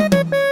Música